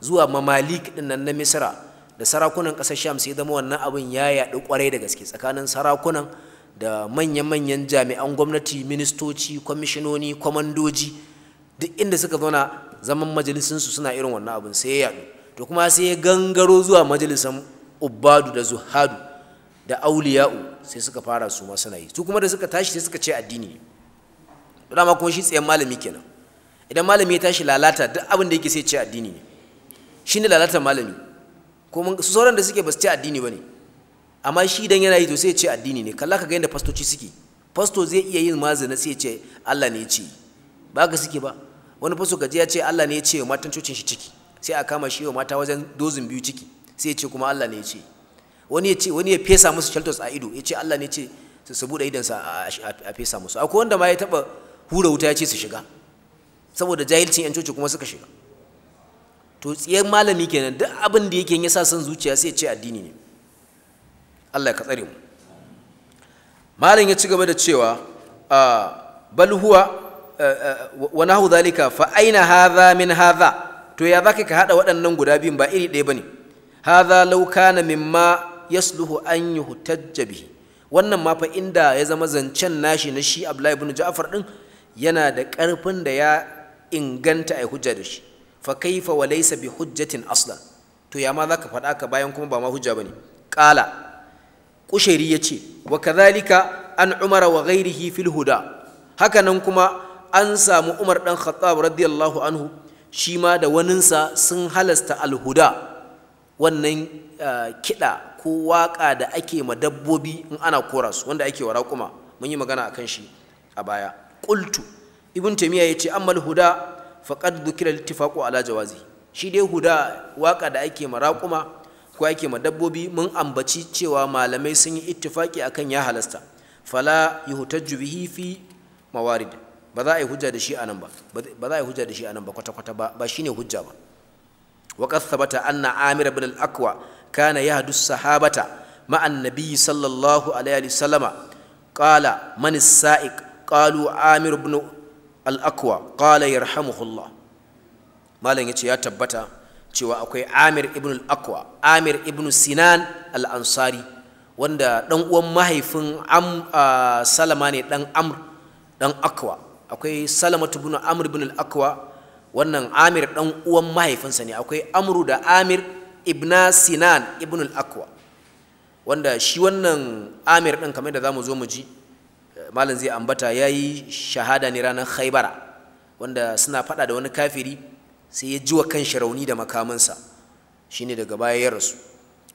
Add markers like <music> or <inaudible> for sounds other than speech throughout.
zuwa mamalik din na misra da sarakunan ƙasar sham sai zama wannan abin ya yaɗu kwarai da gaske tsakanin sarakunan da manya-manyan jami'an gwamnati ministoci kwamishinoni kwamandoji duk inda suka zauna zaman majalisinsu suna irin wannan abin sai ya yaɗu to kuma sai ya gangaro zuwa majalisan ubadu da zuhadu da auliya'u sai suka fara su ma suna yi su kuma da suka tashi sai suka ce addini dama kuma shi tsayen malami kenan idan malami ya tashi lalata duk abin da yake sai ce addini ne shi ne lalatar malami kuma sauran da suke ba su ce addini ba ne amma shi idan yana yi to sai ya ce addini ne kalla ka ga yadda fastoci suke fasto zai iya yin mazina sai ya ce Allah ne ya ce ba ka suke ba wani fasto gaji ya ce Allah ne ya ce wa matan cocin shi ciki sai a kama shi wa mata wajen dozin biyu ciki sai ya ce kuma Allah ne ya ce wani ya ce wani ya fesa musu shaltos a ido ya ce Allah ne ya ce su su buɗe idansa a fesa musu akwai wanda ma ya taɓa hura wuta ya ce su shiga saboda jahilcin 'yan coci kuma suka shiga to tsiyar malami kenan duk abin da yake ya sa son zuciya sai ce addini ne Allah ka tsare mu malam ya ci gaba da cewa bal huwa wa nahu zalika fa aina hadha min hadha to ya zaka ka hada waɗannan guda biyun ba iri ɗaya bane hadha law kana mimma yasluhu an yuhtajja bihi wannan ma fa inda ya zama zancen nashi na shi Abdullahi ibn Ja'far din yana da ƙarfin da ya inganta ai hujja da shi fa kaifa wa laysa bi hujjatin asla to ya ma zaka faɗa ka bayan kuma ba ma hujja bane qala kushairi yace wa kadhalika an umar wa ghairihi fil huda haka nan kuma an samu umar dan khattab radiyallahu anhu shi ma da waninsa sun halasta alhuda wannan eh, kida ko waka da ake ma dabbobi in ana kora wanda ake wa raƙuma mun yi magana akan shi a baya qultu ibn taymiya yace amma huda faqad dhukira al ala jawazi shi dai huda waka da ake raƙuma ko ake ma dabbobi mun ambaci cewa malamai sun yi ittifaki akan ya halasta fala yuhtajju bihi fi mawarid ba za a yi hujja da shi anan ba ba za a yi hujja da shi anan ba kwata kwata ba ba shine hujja ba wa qad thabata anna amir ibn al-aqwa kana yahdu sahabata ma annabi sallallahu alaihi wasallama qala man as-sa'iq qalu amir ibn al-akwa qala yarhamuhullah malam yace ya tabbata cewa akwai Amir ibn al Amir ibn Sinan al-Ansari wanda dan uwan mahaifin Salama ne dan Amr ɗan Akwa akwai Salama ibn Amr ibn al’akwa wannan Amir dan uwan mahaifinsa ne akwai Amru da Amir ibn Sinan ibn al’akwa wanda shi wannan Amir ɗin kamar da za mu zo mu ji malam zai ambata ya yi shahada ne ranar khaibara wanda suna faɗa da wani kafiri sai ya ji wa kan rauni da makamansa ne daga baya ya rasu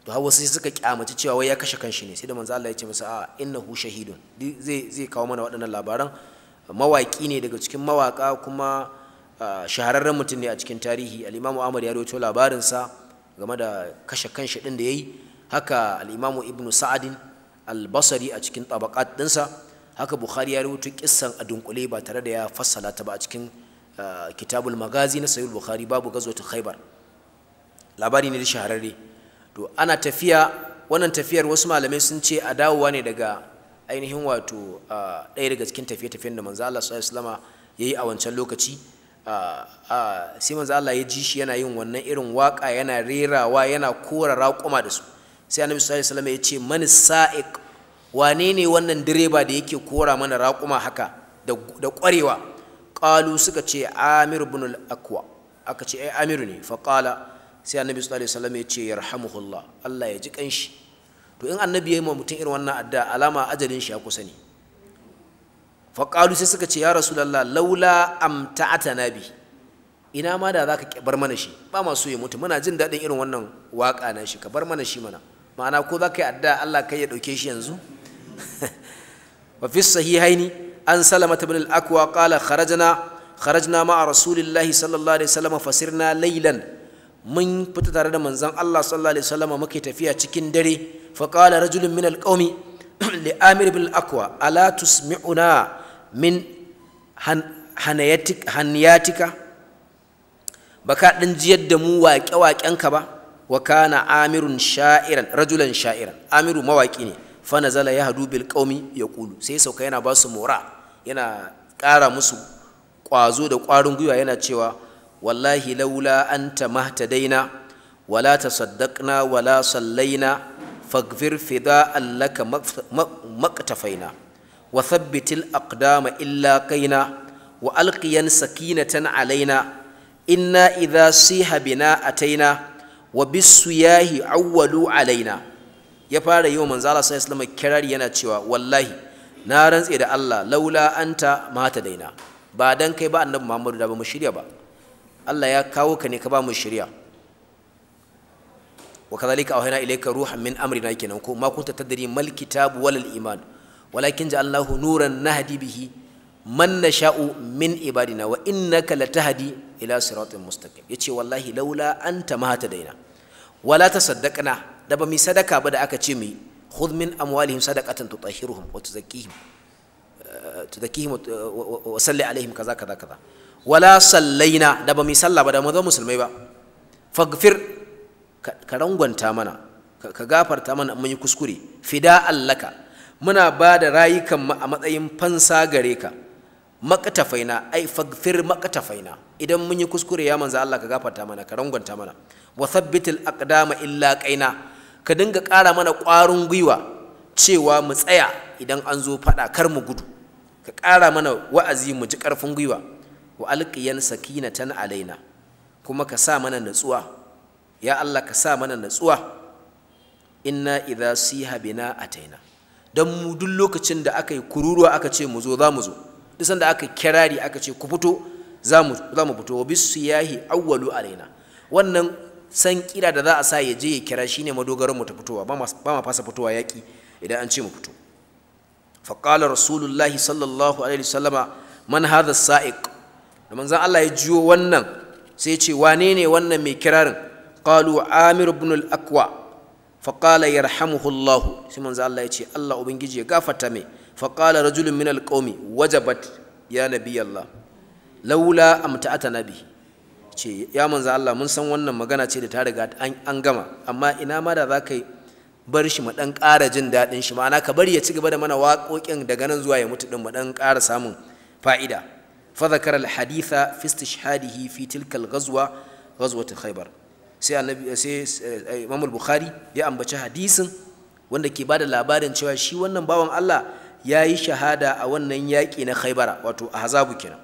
to hawa sai suka kyamaci cewa wai ya kashe kanshi ne sai da manzo Allah ya ce masa a innahu shahidun zai zai kawo mana waɗannan labaran mawaki ne daga cikin mawaka kuma shahararren mutum ne a cikin tarihi al-Imam Ahmad ya rawaito labarin sa game da kashe kanshi din da yayi haka al-Imam Ibn Sa'ad al-Basri a cikin tabaqat dinsa haka bukhari ya rubuta kissan a dunkule ba tare da ya fassala ta ba a cikin ah, kitabul magazi na sayul bukhari babu gazwatu khaybar labari ne da shahararre to ana tafiya wannan tafiyar wasu malamai sun ce a dawowa ne daga ainihin wato ah, ɗaya daga cikin tafiye-tafiyen da manzo Allah sallallahu alaihi yayi a wancan lokaci ah, sai manzo Allah ya ji shi yana yin wannan irin waka yana rerawa yana kora raƙuma da su sai annabi sallallahu alaihi wasallam ya ce man sa'iq wane ne wannan direba da yake kora mana raƙuma haka da ƙwarewa ƙalu suka ce amir bin al'akwa aka ce ai amiru ne faƙala sai annabi sallallahu alaihi wasallam ya ce yarhamuhullah Allah ya ji kanshi to in annabi ya yi mutum irin wannan adda alama ajalin shi ya kusa ne faƙalu sai suka ce ya lalla laula na bi ina ma da zaka bar mana shi ba ma so ya mutu muna jin daɗin irin wannan waka na shi ka bar mana shi mana ma'ana ko za ka yi adda Allah kai ya ɗauke shi yanzu <laughs> wa fi sahihaini an salama ibn al-akwa qala kharajna kharajna ma'a rasulillahi sallallahu alaihi wasallam fasirna laylan mun fita tare da manzon Allah sallallahu alaihi wasallam muke tafiya cikin dare fa qala rajulun min al-qaumi <clears throat> li amir ibn al-akwa ala min hanayatik haniyatika baka dan jiyar da mu waƙe-waƙenka ba wa kana amirun sha'iran amiru mawaki ne fanazala ya hadu bil ya yaqulu sai sauka yana ba su mora yana ƙara musu ƙwazo da ƙwarin gwiwa yana cewa wallahi laula anta mahtadaina wala tasaddaqna wala sallaina faghfir fida'an laka maqtafaina wa thabbitil aqdama illa kaina wa alqiyan sakinatan alaina inna idha siha bina ataina wa bisuyahi awwalu alaina ya fara yi wa manzo Allah sallallahu alaihi kirari yana cewa wallahi na rantse da Allah laula anta mata daina ba dan kai ba annabi Muhammadu da ba mu shirya ba Allah ya kawo ka ne ka ba mu shirya wa kadhalika awhayna ilayka ruhan min amrina kenan ko ma kunta tadri mal kitab wal iman walakin ja'alnahu nuran nahdi bihi man nasha'u min ibadina wa innaka latahdi ila siratin mustaqim yace wallahi laula anta mata daina wala tasaddaqna da ba mu sadaka ba da aka ce mu khudh min amwalihim sadaqatan tutahhiruhum wa tuzakkihim eh, tuzakkihim wa salli alaihim kaza kaza kaza wala sallaina da ba mu sallah ba da mu zama musulmai ba faghfir ka rangwanta mana ka gafarta mana mun yi kuskure fida allaka muna ba da rayukan mu a matsayin fansa gare ka makatafaina ai faghfir makatafaina idan mun yi kuskure ya manzo Allah ka gafarta mana ka rangwanta mana wa thabbitil aqdama illa qaina ka dinga ƙara mana ƙwarin gwiwa cewa mu tsaya idan an zo faɗa kar mu gudu ka ƙara mana wa'azi mu ji ƙarfin gwiwa wa alƙiyan tan alaina kuma ka sa mana natsuwa ya Allah ka sa mana natsuwa inna idza siha bina ataina dan mu duk lokacin da aka yi kururuwa aka ce mu zo za mu zo duk sanda aka kirari aka ce ku fito za mu fito wa bisu yahi awwalu alaina wannan san kira da za a sa ya je ya kira shine madogaran mu ta fitowa ba ma fasa fitowa yaƙi idan an ce mu fito qala rasulullahi sallallahu alaihi wasallama man hadha sa'iq da manzon Allah ya jiyo wannan sai ya ce wane ne wannan mai kirarin qalu amir ibn al-aqwa qala yarhamuhu Allah sai manzon Allah ya ce Allah ubangiji ya gafarta mai qala rajulun min al-qaumi wajabat ya nabi laula amta'ata nabi ce ya manzo Allah mun san wannan magana ce da ta riga an gama amma ina ma da zaka bar shi mu dan ƙara jin daɗin shi ma'ana ka bari ya ci gaba da mana waƙoƙin daga nan zuwa ya mutu din mu dan ƙara samun fa'ida fa zakara al haditha fi istishhadihi fi tilka ghazwa khaybar sai annabi sai eh, imam al bukhari ya ambaci hadisin wanda ke bada labarin cewa shi wannan bawan Allah ya yi shahada a wannan yaƙi na khaybara wato a ahzabu kenan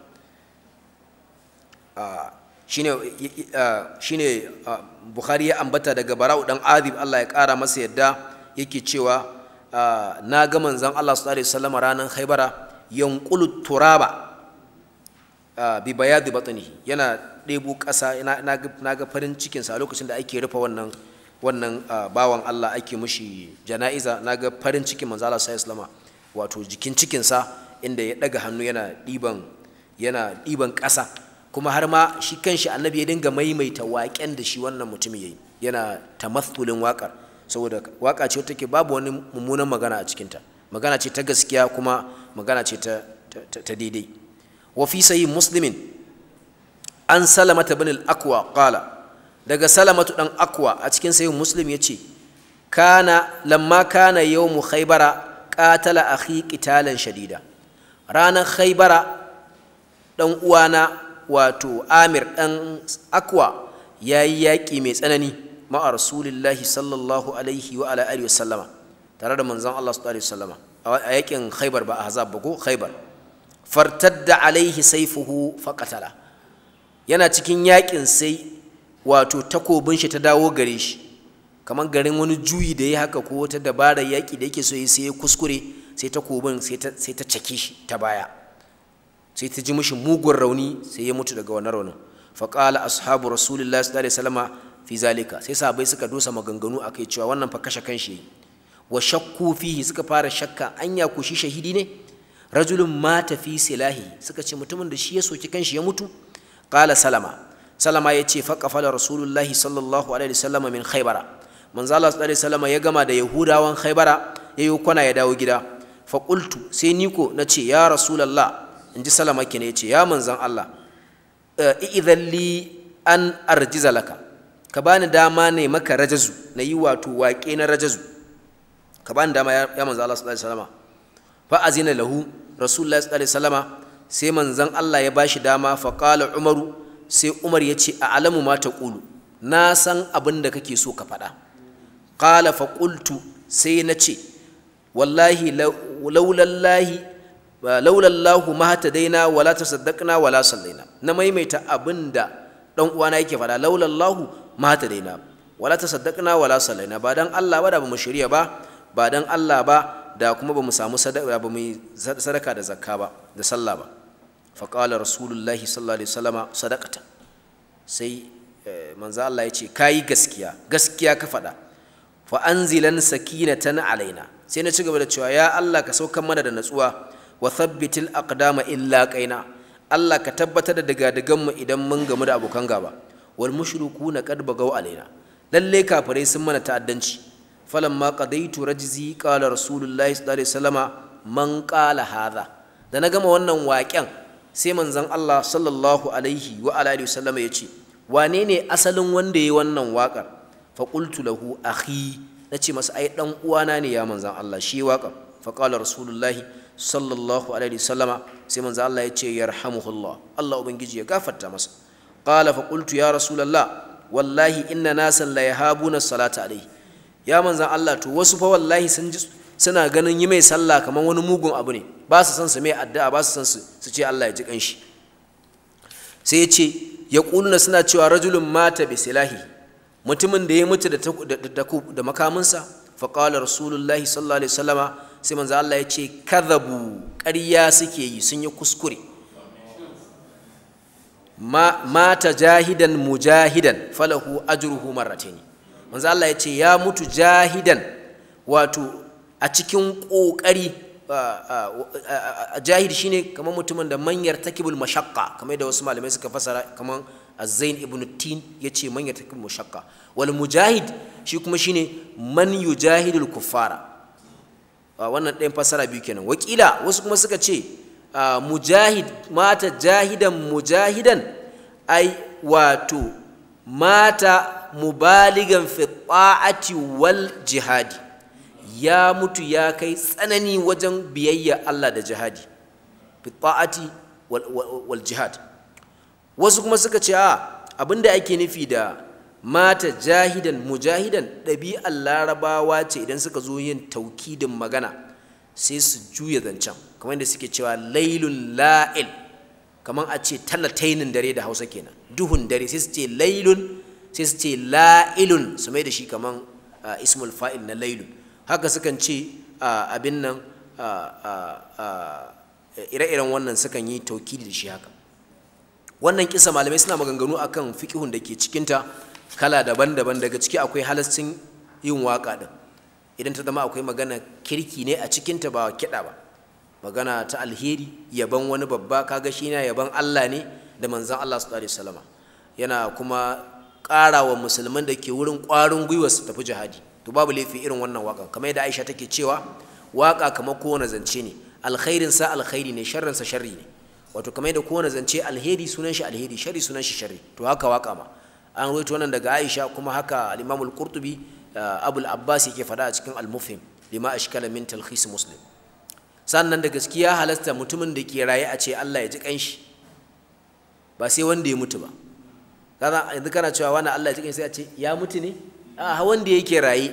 ah, shine uh, shine uh, Bukhari ya ambata daga Bara'u dan Azib Allah ya kara masa yadda yake cewa uh, na ga manzon Allah sallallahu alaihi wasallam ranan yan yanqulu turaba bi bayadi batnihi yana ɗebo kasa na ga farin cikinsa a lokacin da ake rufe wannan wannan bawan Allah ake mushi jana'iza na ga farin cikin manzan Allah sallallahu alaihi wasallam wato jikin cikinsa inda ya daga hannu yana ɗiban yana ɗiban ƙasa kuma har ma shi kanshi annabi ya dinga maimaita waƙen da shi wannan mutum yayi yana tamathulin waƙar saboda waƙa ce take babu wani mummunan magana a cikinta magana ce ta gaskiya kuma magana ce ta ta daidai wa fi sahih muslimin an salamata bin al-aqwa qala daga salamatu dan aqwa a cikin sayin muslim yace kana lamma kana yawmu khaybara qatala akhi qitalan shadida ranar khaybara dan uwana wato amir ɗan akwa ya yi yaƙi mai tsanani ma'a rasulillahi sallallahu alaihi wa ala alihi sallama tare da manzon Allah sallallahu alaihi sallama a yaƙin haibar ba a hazab ba ko khaibar fartadda alaihi saifuhu faƙatala yana cikin yaƙin sai wato takobin shi ta dawo gare shi kamar garin wani juyi da ya haka ko wata dabarar yaƙi da yake so ya sai ya kuskure sai takobin sai ta cake shi ta baya sai ta ji mishi mugun rauni sai ya mutu daga wannan raunin faƙala ashabu rasulillah sallallahu alaihi wasallama fi zalika sai sahabbai suka dosa maganganu akai cewa wannan fa kashe kanshi wa shakku fihi suka fara shakka an ya kushi shahidi ne rajulun mata fi silahi suka ce mutumin da shi ya soki kanshi ya mutu qala salama salama ya ce faqafala rasulullahi sallallahu alaihi wasallama min khaybara manzo Allah sallallahu alaihi wasallama ya gama da yahudawan khaybara yayi kwana ya dawo gida fa qultu sai niko nace ya rasulullah in ji salama kine ya ce ya manzan Allah eh, idan li an arjiza laka ka bani dama ne maka rajazu na yi wato wake na rajazu ka bani dama ya manzan Allah sallallahu alaihi wasallama fa azina lahu rasulullahi sallallahu alaihi wasallama sai manzan Allah ya bashi dama fa qala umaru sai umar ya ce a alamu ma taqulu na san abin da kake so ka faɗa qala fa qultu sai na ce wallahi laulallahi lahu ma daina wala saddakna wala sallaina na maimaita abinda dan uwana yake fada lahu ma daina wala saddakna wala sallaina ba dan Allah ba da bamu shirya ba ba dan Allah ba da kuma bamu samu sadaka ba mu sadaka da zakka ba da sallah ba fa qala rasulullahi sallallahu alaihi wasallama sadaqata sai eh, manzo Allah ya ce kayi gaskiya gaskiya ka fada fa anzilan sakinatan alaina sai na ci gaba da cewa ya Allah ka saukar mana da natsuwa wa thabbitil aqdama illa qaina Allah ka tabbatar da daga-dagan mu idan mun gamu da abokan gaba wal mushrikuna qad bagaw alaina lallai kafirai sun mana ta'addanci falamma qadaitu rajzi qala rasulullahi sallallahu alaihi wasallama da na gama wannan waƙen sai manzon Allah sallallahu alaihi wa alihi yace wane ne asalin wanda ya yi wannan wakar fa qultu lahu nace masa ai dan uwana ne ya manzon Allah shi wakar fa qala rasulullahi sallallahu alaihi wasallama sai manzo Allah ya ce yarhamuhullah Allah ubangiji ya gafarta masa qala fa qultu ya rasulullah wallahi inna nasan la yahabuna salata alaihi ya manzo Allah to wasu fa wallahi sun ji suna ganin yi mai sallah kamar wani mugun abu ne ba su san su mai addu'a ba su san su ce Allah ya ji kanshi sai ya ce ya kuluna suna cewa rajulun mata bi silahi mutumin da ya mutu da da makaminsa fa qala rasulullahi sallallahu alaihi wasallama sai manzo Allah ya ce kadhabu ƙarya suke yi sun yi kuskure ma mata jahidan mujahidan falahu ajruhu marratayn manzo Allah ya ce ya mutu jahidan wato a cikin kokari jahid shine kamar mutumin da manyar takibul mashaqqa kamar da wasu malamai suka fasara kamar Zain ibn Tin yace manyar takibul mashaqqa wal mujahid shi kuma shine man yujahidul kuffara Ah, wannan ɗayan fassara biyu kenan wakila wasu kuma suka ce ah, mujahid mata jahidan mujahidan ai wato mata mubaligan fi ta'ati wal jihadi ya mutu ya kai tsanani wajen biyayya Allah da jihadi fi ta'ati jihad wasu kuma suka ce a abinda ake nufi da mata jahidan mujahidan ɗabi'ar larabawa ce idan suka zo yin taukidin magana sai su juya zancen kamar yadda suke cewa lailun la'il kamar a ce talatainin dare da hausa kenan duhun dare sai su ce lailun sai su ce la'ilun su mai da shi kamar ah, ismul fa'il na lailun haka sukan ce ah, abin nan ah, ire-iren wannan sukan yi taukidi da shi haka wannan kisa malamai suna maganganu akan fikihun da ke cikinta kala daban-daban daga ciki akwai halascin yin waka ɗin idan ta zama akwai magana kirki ne a cikinta ba kiɗa ba magana ta alheri yaban wani babba kaga shi na yaban Allah ne da manzon Allah sallallahu alaihi salama yana kuma ƙara wa musulman da ke wurin ƙwarin gwiwa su tafi jihadi to babu laifi irin wannan waka kamar yadda Aisha take cewa waƙa kamar kowane zance ne alkhairin sa alkhairi ne sharrin sa sharri ne wato kamar yadda kowane zance alheri sunan shi alheri sharri sunan shi sharri to haka waka ma an rawaito wannan daga Aisha kuma haka al-Imam al-Qurtubi uh, Abu al-Abbas yake faɗa a cikin al-Mufhim lima ashkala min talkhis Muslim sannan da gaskiya halasta mutumin da ke raye a ce Allah ya ji kanshi ba sai wanda ya mutu ba kana yanzu kana cewa wani Allah ya ji kanshi sai a ce ya mutu ne a wanda yake raye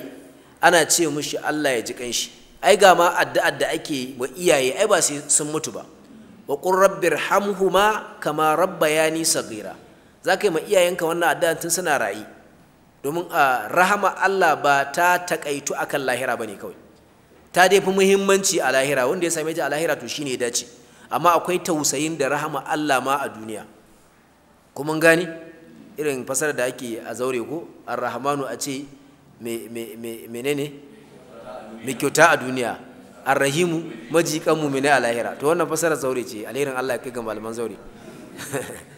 ana ce mushi Allah ya ji kanshi ai ga ma addu'ar da ake wa iyaye ai ba sai sun mutu ba wa qur rabbirhamhuma kama rabbayani saghira za ka yi ma iyayenka wannan addu'a tun suna ra'ayi domin a rahama Allah ba ta takaitu akan lahira ba ne kawai ta dai fi muhimmanci a lahira wanda ya same ta a lahira to shine ya dace amma akwai tausayin da rahama Allah ma a duniya kuma gani irin fasara da ake a zaure ko ar-rahmanu a ce menene mai kyauta a duniya al-rahimu arrahimu majikan ne a lahira to wannan fasara zaure ce alherin Allah ya kai ga malaman zaure <laughs>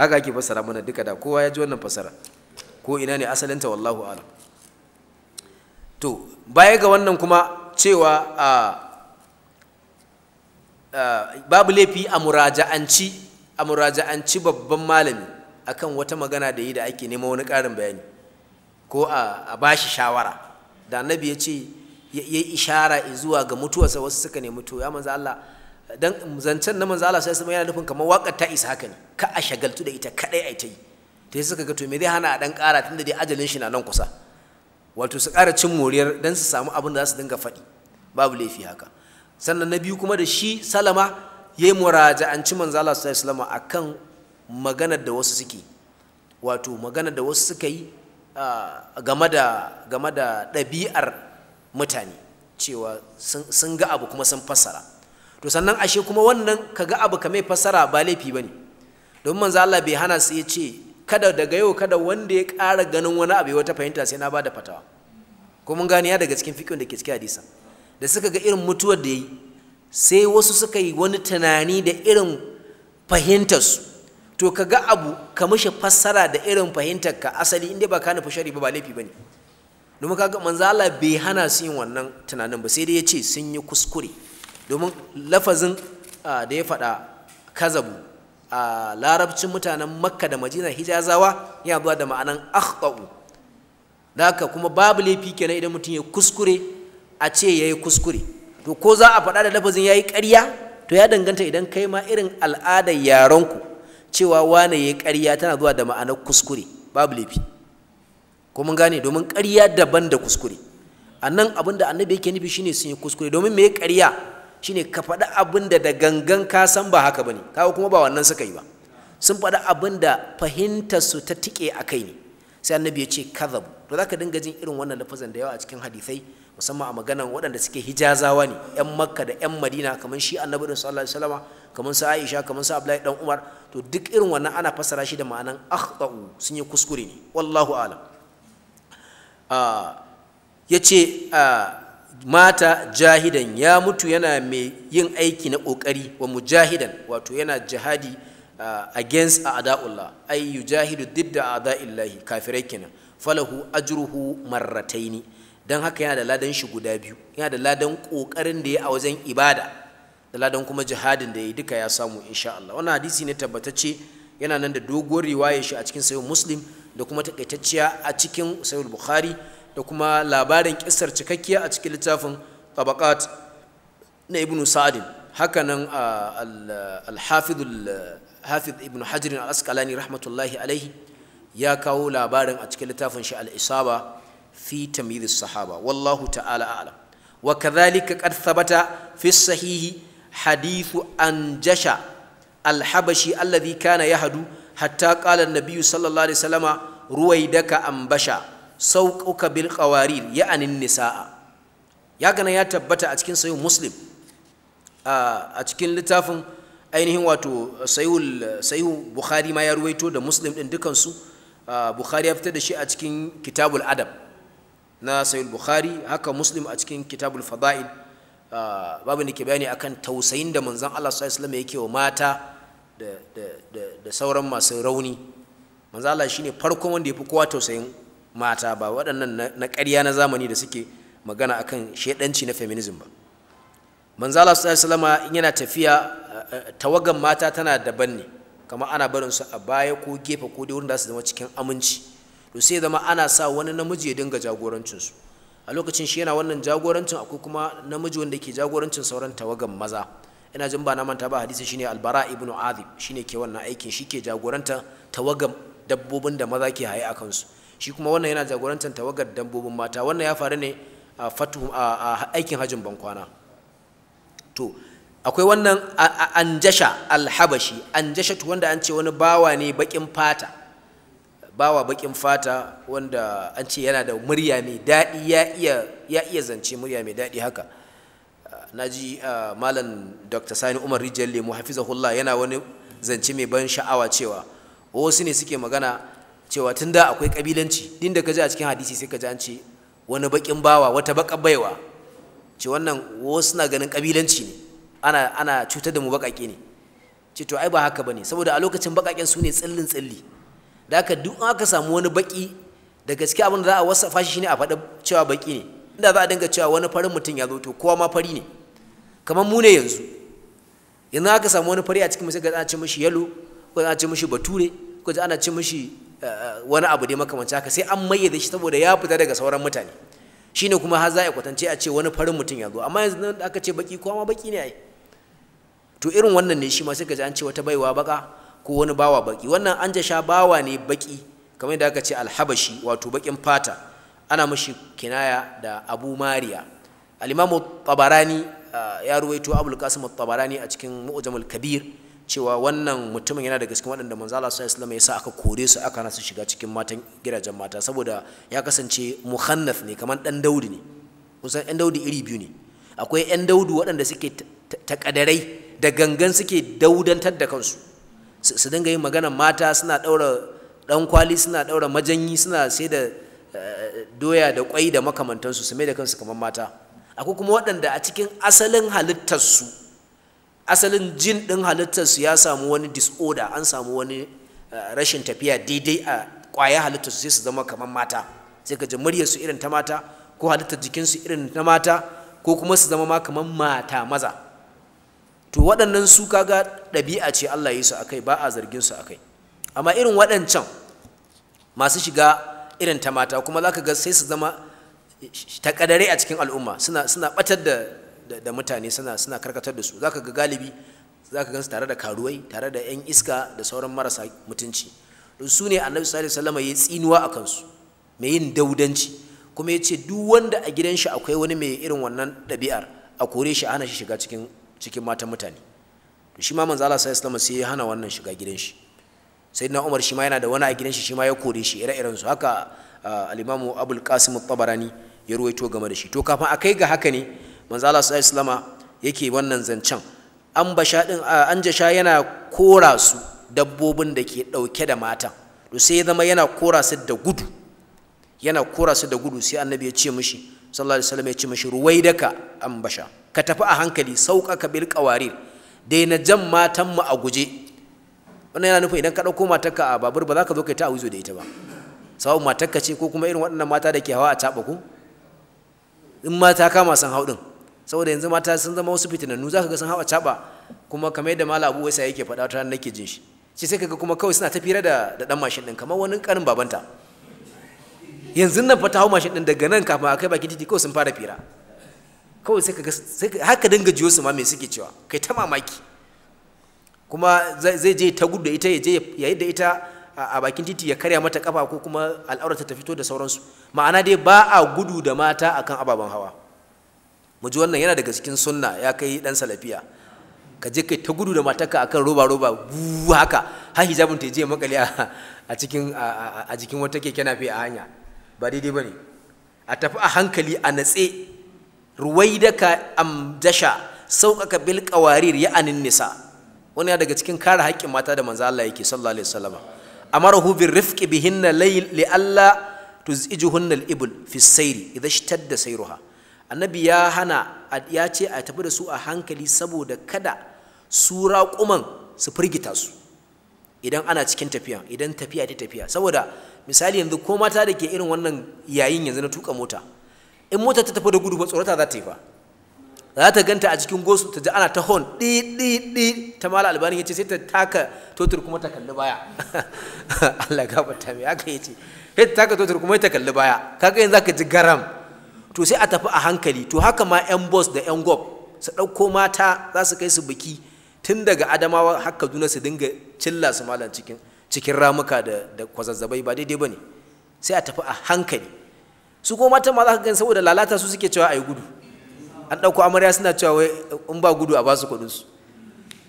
haka ake fassara mana duka da kowa ya ji wannan fassara ko ina ne asalinta wallahu alam to baya ga wannan kuma cewa babu laifi a muraja'anci a muraja'anci babban malami akan wata magana da yi da ake nema wani ƙarin bayani ko a bashi shawara da annabi ya ce ya yi ishara zuwa ga mutuwarsa wasu suka nemi to ya manzo Allah dan zancen na manzo Allah sallallahu alaihi yana nufin kamar wakar ta isa haka ne ka a shagaltu da ita kadai ai ta yi to sai suka ga to me zai hana a dan kara tunda dai ajalin shi na nan kusa wato su kara cin moriyar dan su samu abin da za su dinga faɗi babu laifi haka sannan na biyu kuma da shi salama ya yi muraja'anci manzo Allah sallallahu alaihi akan maganar da wasu suke wato maganar da wasu suka yi game da game da ɗabi'ar mutane cewa sun ga abu kuma sun fassara to sannan ashe kuma wannan kaga abu ka mai fassara ba laifi ne don manzo Allah bai hana su yace kada daga yau kada wanda ya kara ganin wani abu wata fahimta sai na bada fatawa ko mun gani ya daga cikin fiqhin da ke cikin hadisa da suka ga irin mutuwar da yi sai wasu suka yi wani tunani da irin fahimtar su to kaga abu ka mishi fassara da irin fahimtar ka asali inda ba ka nufi shari ba ba laifi bane domin kaga manzo Allah bai hana su yin wannan tunanin ba sai dai ya ce sun yi kuskure domin lafazin da ya faɗa kazabu a larabcin mutanen makka da majina hijazawa yana zuwa da ma'anan akhtau da haka kuma babu laifi kenan idan mutum ya kuskure a ce ya yi kuskure to ko za a faɗa da lafazin ya yi ƙarya to ya danganta idan kai ma irin al'adar yaronku cewa wane ya yi ƙarya tana zuwa da ma'anar kuskure babu laifi ko mun gane domin ƙarya daban da kuskure a nan abin da annabi yake nufi shine sun yi kuskure domin me ƙarya shi ne ka faɗi abin da da gangan ka san ba haka ba ne kawo kuma ba wannan suka yi ba sun faɗi abin da fahimtarsu ta tike a kai ne sai annabi ya ce kazabu to za ka dinga jin irin wannan lafazan da yawa a cikin hadisai musamman a maganan waɗanda suke hijazawa ne yan makka da yan madina kamar shi annabi da sallallahu alaihi wasallama kamar sa aisha kamar sa abdullahi dan umar to duk irin wannan ana fassara shi da ma'anan akhtau sun yi kuskure ne wallahu a'lam ah, ya ce ah, mata jahidan ya mutu yana mai yin aiki na ƙoƙari wa mujahidan wato yana jihadi against a'da'ullah ay yujahidu didda a'da'illahi kafirai kenan falahu ajruhu marrataini dan haka yana da ladan shi guda biyu yana da ladan ƙoƙarin da ya a wajen ibada da ladan kuma jihadin da ya duka ya samu insha Allah wannan hadisi ne tabbatacce yana nan da doguwar riwayar shi a cikin sahih muslim da kuma takaitacciya a cikin sahih bukhari da kuma labarin kisar cikakkiya a cikin littafin tabaqat na ibnu sa'adin hakanan al ibn hafiz ibnu hajar al rahmatullahi alaihi ya kawo labarin a cikin littafin shi al'isaba fi tamyiz sahaba wallahu ta'ala a'lam wa kadhalika qad thabata fi sahihi hadithu anjasha al-habashi alladhi kana hadu hatta qala an-nabiy sallallahu alaihi wasallama ruwaidaka ambasha sauƙuka bil ya anin nisaa ya gana ya tabbata a cikin sayu muslim a cikin littafin ainihin wato sayu bukhari ma ya ruwaito da muslim din dukansu bukhari ya fita da shi a cikin kitabul adab na sayu bukhari haka muslim a cikin kitabul fada'il babu ne ke bayani akan tausayin da manzan Allah sallallahu islam yake wa mata da sauran masu rauni manzan Allah ne farkon wanda ya fi kowa tausayin mata ba waɗannan na ƙarya na zamani da suke magana akan shaidanci na feminism ba manzala su salama in yana tafiya eh, eh, tawagan mata tana daban ne kamar ana barin su a baya ko gefe ko dai wurin da su zama cikin aminci to sai zama ana sa wani namiji ya dinga jagorancin a lokacin shi yana wannan jagorancin akwai kuma namiji wanda ke jagorancin sauran tawagan maza ina jin ba na manta ba hadisi shine albara ibnu azib shine ke wannan aikin shi ke jagoranta tawagan dabbobin da maza ke haye a kansu shi kuma wannan yana jagorantar tawagar dambobin mata wannan ya faru ne a fatu a aikin hajjin bankwana to akwai wannan anjasha alhabashi anjasha wanda an ce wani bawa ne bakin fata bawa bakin fata wanda an ce yana da murya mai daɗi ya iya zance murya mai daɗi haka na ji malam dr sani umar rijiyar lemu hafizahullah yana wani zance mai ban sha'awa cewa wasu ne suke magana cewa tun da akwai kabilanci din da ka ji a cikin hadisi sai ka ji an ce wani baƙin bawa wata baƙar baiwa ce wannan wasu na ganin kabilanci ne ana ana cutar da mu baƙaƙe ne ce to ai ba haka bane saboda a lokacin baƙaƙen su ne tsillin tsilli da haka duk aka samu wani baƙi da gaskiya abin da za a wasa shi shine a faɗa cewa baƙi ne inda za a dinga cewa wani farin mutum ya zo to kowa ma fari ne kamar mu ne yanzu yanzu aka samu wani fari a cikin mu sai ga ana ce mishi yalo ko ana ce mishi bature ko ana ce mishi Eh, wani abu dai makamanci haka sai an mayyade shi saboda ya fita daga sauran mutane shi ne kuma har za a kwatance a ce wani farin mutum ya zo amma yanzu nan aka ce baki kowa ma baki ne ai to irin wannan ne shi ma sai ka ji an ce wata baiwa baka ko wani bawa baki wannan an sha bawa ne baki kamar da aka ce alhabashi wato bakin fata ana mashi kinaya da abu mariya al-imamu tabarani eh, ya ruwaito abul qasim tabarani a cikin mu'jamul kabir cewa wannan mutumin yana daga cikin waɗanda manzo Allah sallallahu ya sa aka kore su aka nasu shiga cikin matan gidajen mata saboda ya kasance muhannaf ne kamar dan daudi ne kusan ɗan daudi iri biyu ne akwai ɗan daudi waɗanda suke takadarai da gangan suke daudantar da kansu su dinga yin magana mata suna ɗaura ɗan kwali suna ɗaura majanyi suna sai da eh, doya da kwai da makamantansu su mai da kansu kamar mata akwai kuma waɗanda a cikin asalin halittarsu asalin jin ɗin halittarsu ya samu wani disorder an samu wani eh, rashin tafiya daidai a ƙwaya halittarsu sai su zama kamar mata sai ka ji muryarsu irin ta mata ko halittar jikinsu irin ta mata ko kuma su zama ma kamar mata maza to waɗannan su kaga ɗabi'a ce Allah yi su akai ba a zargin su akai amma irin waɗancan masu shiga irin ta mata kuma za ka ga sai su zama eh, taƙadare a cikin al'umma suna suna batar da da mutane suna karkatar da su zaka ga galibi zaka gansu tare da karuwai tare da yan iska da sauran marasa mutunci su ne annabi sallallahu alaihi wasallam ya tsinuwa a kansu mai yin daudanci kuma ya ce duk wanda a gidan shi akwai wani mai irin wannan ɗabi'ar a kore shi a hana shi shiga cikin cikin matan mutane to shi ma manzo Allah sallallahu alaihi wasallam sai ya hana wannan shiga gidan shi sayyidina Umar shi ma yana da wani a gidan shi shi ma ya kore shi ire-iren su haka ah, al-Imam al Qasim at-Tabarani ya ruwaito game da shi to kafin akai ga haka ne manzo Allah sallallahu alaihi wasallama yake wannan zancen an basha din an jasha yana kora su dabbobin da ke dauke da matan to sai ya zama yana kora su da gudu yana kora su da gudu sai annabi ya ce mishi sallallahu alaihi wasallam ya ce mishi ruwaidaka an basha ka tafi a hankali sauƙaƙa bil qawarir daina jan matan mu a guje wannan yana nufin idan ka dauko matarka a babur ba za ka zo kai ta a wuzo da ita ba sawun matarka ce ko kuma irin waɗannan mata da ke hawa a taɓa ku in mata kama san hau saboda yanzu mata sun zama wasu fitinannu za ka ga sun hawa caba kuma kamar yadda mala abu wasa yake faɗa ta nake jin shi shi sai kaga kuma kawai suna tafira da da dan mashin din kamar wani karin babanta yanzu nan fa ta hawa mashin din daga nan kafin a kai baki titi kawai sun fara fira kawai sai kaga sai haka dinga jiyo su ma me suke cewa kai ta mamaki kuma zai je ta gudu da ita ya ya yi da ita a bakin titi ya karya mata kafa ko kuma al'aurata ta fito da sauransu ma'ana dai ba a gudu da mata akan ababen hawa mu ji wannan yana daga cikin sunna ya kai dan salafiya ka je kai ta gudu da matarka akan roba roba bu haka har hijabin ta je makale a cikin a jikin wata keke nafe a hanya ba daidai bane a tafi a hankali a natse ruwaidaka amdasha sauƙaƙa bil qawarir ya anin nisa wani daga cikin kare haƙƙin mata da manzo Allah yake sallallahu alaihi wasallam amarahu bir rifqi bihinna layl li alla tuzijuhunna al ibl fi sayri idha ishtadda sayruha annabi ya hana ya ce a tafi da su a hankali saboda kada su raƙuman su firgita su idan ana cikin tafiya idan tafiya ta tafiya saboda misali yanzu ko mata da ke irin wannan yayin yanzu na tuka mota in mota ta tafi da gudu ba tsorata za ta yi fa za ta ganta a cikin gosu ta ji ana ta hon di ɗi ta mala albani ya ce sai ta taka totur kuma ta kalli baya <laughs> Allah gafarta mai haka ya ce sai ta taka totur kuma ta kalli baya kaga yanzu za ka ji garam to sai a tafi a hankali to haka ma 'yan bos da 'yan gob su ɗauko mata za su kai su biki tun daga adamawa har kaduna su dinga cilla su malam cikin cikin ramuka da da kwazazzabai ba daidai bane sai a tafi a hankali su ko mata ma za ka gani saboda lalata su suke cewa ayi gudu an ɗauko amarya suna cewa wai in ba gudu a basu kuɗin su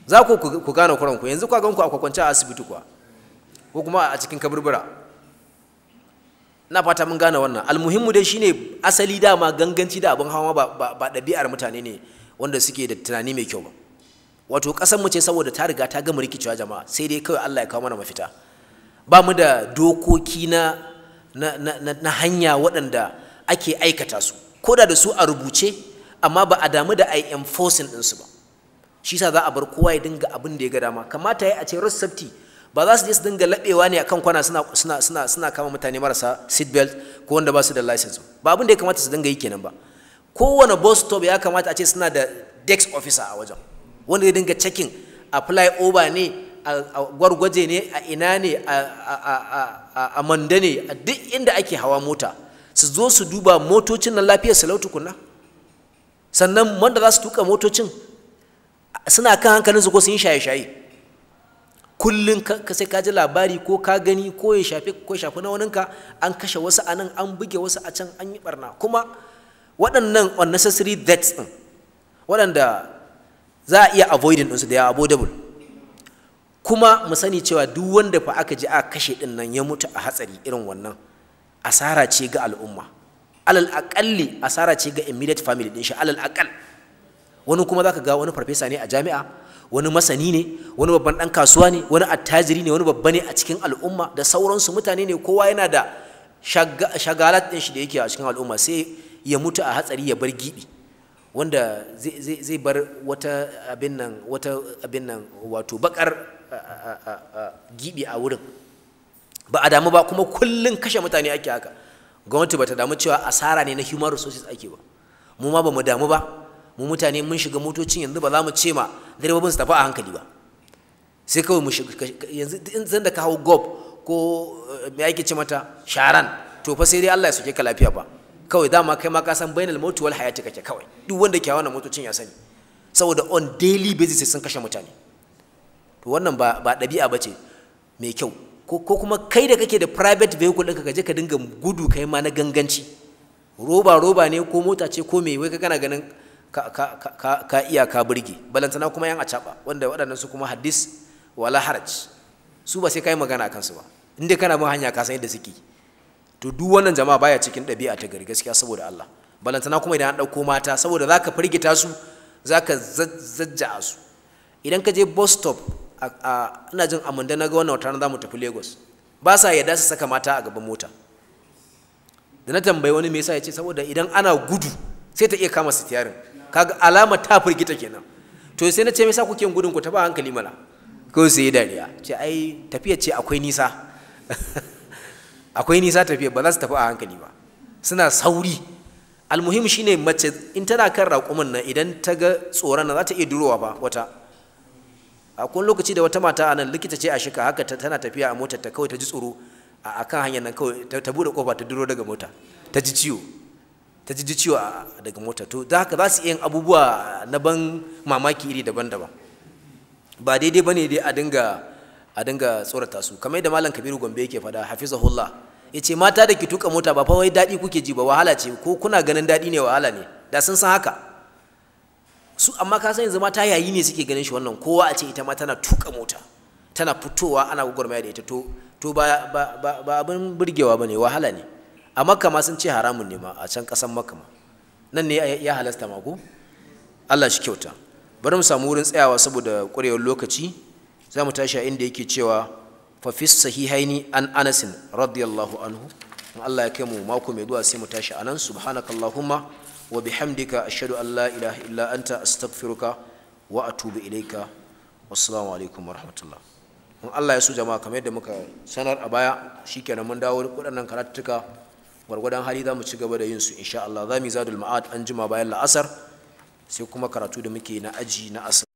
za ku ku gane kuranku yanzu kwa ganku a kwakwance a asibiti kuwa ko kuma a cikin kaburbura na fata mun gane wannan almuhimmu dai shine asali dama ganganci da abin hawa ba ba ɗabi'ar mutane ne wanda suke da tunani mai kyau ba wato ƙasar mu ce saboda ta riga ta gama rikicewa jama'a sai dai kawai Allah ya kawo mana mafita ba mu da dokoki na na, hanya waɗanda ake aikata su ko da da su a rubuce amma ba a damu da ai enforcing su ba shi sa za a bar kowa ya dinga abin da ya ga dama kamata ya a ce road ba za su je su dinga laɓewa ne akan kwana suna suna suna suna kama mutane marasa seat belt ko wanda ba su da license ba abin da ya kamata su dinga yi kenan ba kowane bus stop ya kamata a ce suna da desk officer a wajen wanda ya dinga checking a over ne a gwargwaje ne a ina ne a manda ne a duk inda ake hawa mota su zo su duba motocin nan lafiyar su lautu kunna sannan wanda za su tuka motocin suna kan hankalin su ko sun yi shaye-shaye kullum sai ka ji labari ko ka gani ko ya shafi ko shafi na waninka an kashe wasu a nan an buge wasu a can an yi barna kuma waɗannan unnecessary deaths din waɗanda za a iya avoiding ɗinsu da ya avoidable kuma mu sani cewa duk wanda fa aka ji a kashe ɗin nan ya mutu a hatsari irin wannan asara ce ga al'umma alal aƙalli asara ce ga immediate family ɗin shi alal aƙal wani kuma za ka ga wani farfesa ne a jami'a wani masani ne wani babban dan kasuwa ne wani attajiri ne wani babba ne a cikin al'umma da sauransu mutane ne kowa yana da shagalat ɗin shi da yake a cikin al'umma sai ya mutu a hatsari ya bar giɓi wanda zai bar wata abin nan wata abin nan wato bakar giɓi a wurin ba a damu ba kuma kullum kashe mutane ake haka gwamnati ba ta damu cewa asara ne na human resources ake ba mu ma ba damu ba mu mutane mun shiga motocin yanzu ba za mu ce ma direbobin su tafi a hankali ba sai kawai mu yanzu in zan da ka hau gob ko eh, me ake ce mata sharan to fa sai dai Allah ya soke ka lafiya ba kawai dama kai ma ka san bainal mautu wal hayati kake kawai duk wanda ke hawa motocin ya sani saboda on daily basis sun kashe mutane to wannan ba ba dabi'a ba ce mai kyau ko kuma kai da kake da private vehicle ɗinka ka je ka dinga gudu kai ma na ganganci roba roba ne ko mota ce ko me wai ka kana ganin ka iya ka burge balantana kuma yan acaba wanda waɗannan su kuma hadis wala haraj su ba sai kai magana akan su ba inda kana bin hanya ka san yadda suke to duk wannan jama'a baya cikin ɗabi'a ta gari gaskiya saboda Allah balantana kuma idan an ɗauko mata saboda zaka firgita su zaka zajja su idan ka je bus stop ina jin amanda na ga wannan wata za mu tafi Lagos ba sa yarda su saka mata a gaban mota da na tambayi wani me yasa ya ce saboda idan ana gudu sai ta iya kama sitiyarin kaga alama ta firgita kenan to sai na ce me sa kuke gudun ku ta ba hankali mana ko sai ya dariya ce ai tafiya ce akwai nisa <laughs> akwai nisa tafiya ba za su tafi a hankali ba suna sauri almuhim shine mace in tana kan raƙumin nan idan ta ga tsoron nan za ta iya durowa ba wata akwai lokaci da wata mata a nan likita ce a shika haka tana tafiya a motar ta kawai ta ji tsoro a kan hanyar nan kawai ta bude kofa ta duro daga mota ta ji ciwo ta ji ciwa daga mota to da haka za su iya abubuwa na ban mamaki iri daban-daban ba daidai ba ne dai a dinga a dinga tsorata su kamar yadda malam kabiru gombe yake faɗa hafizahullah ya ce mata da ke tuka mota ba fa wai daɗi kuke ji ba wahala ce ko kuna ganin daɗi ne wahala ne da sun san haka su amma ka san yanzu mata yayi ne suke ganin shi wannan kowa a ce ita ma tana tuka mota tana fitowa ana gwagwarmaya da ita to ba abin burgewa bane wahala ne a makka ma sun ce haramun ne ma a can ƙasan makka ma nan ne ya halasta ma ku Allah shi kyauta bari mu samu wurin tsayawa saboda ƙwarewar lokaci za mu tashi a inda yake cewa fa fi sahihaini an anasin radiyallahu anhu in Allah ya kai mu mako mai zuwa sai mu tashi anan subhanakallahumma wa bihamdika ashhadu an la ilaha illa anta astaghfiruka wa atubu ilaika wassalamu alaikum wa rahmatullah in Allah ya so jama'a kamar yadda muka sanar a baya shikenan mun dawo waɗannan karatuttuka gwargwadon hali za mu ci gaba da yin su insha Allah za mu yi zadul ma'ad an jima bayan la'asar sai kuma karatu da muke na aji na asar